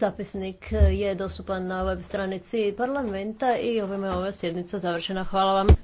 Zapisnik je dostupan na web stranici parlamenta i ovime ova sjednica završena. Hvala vam.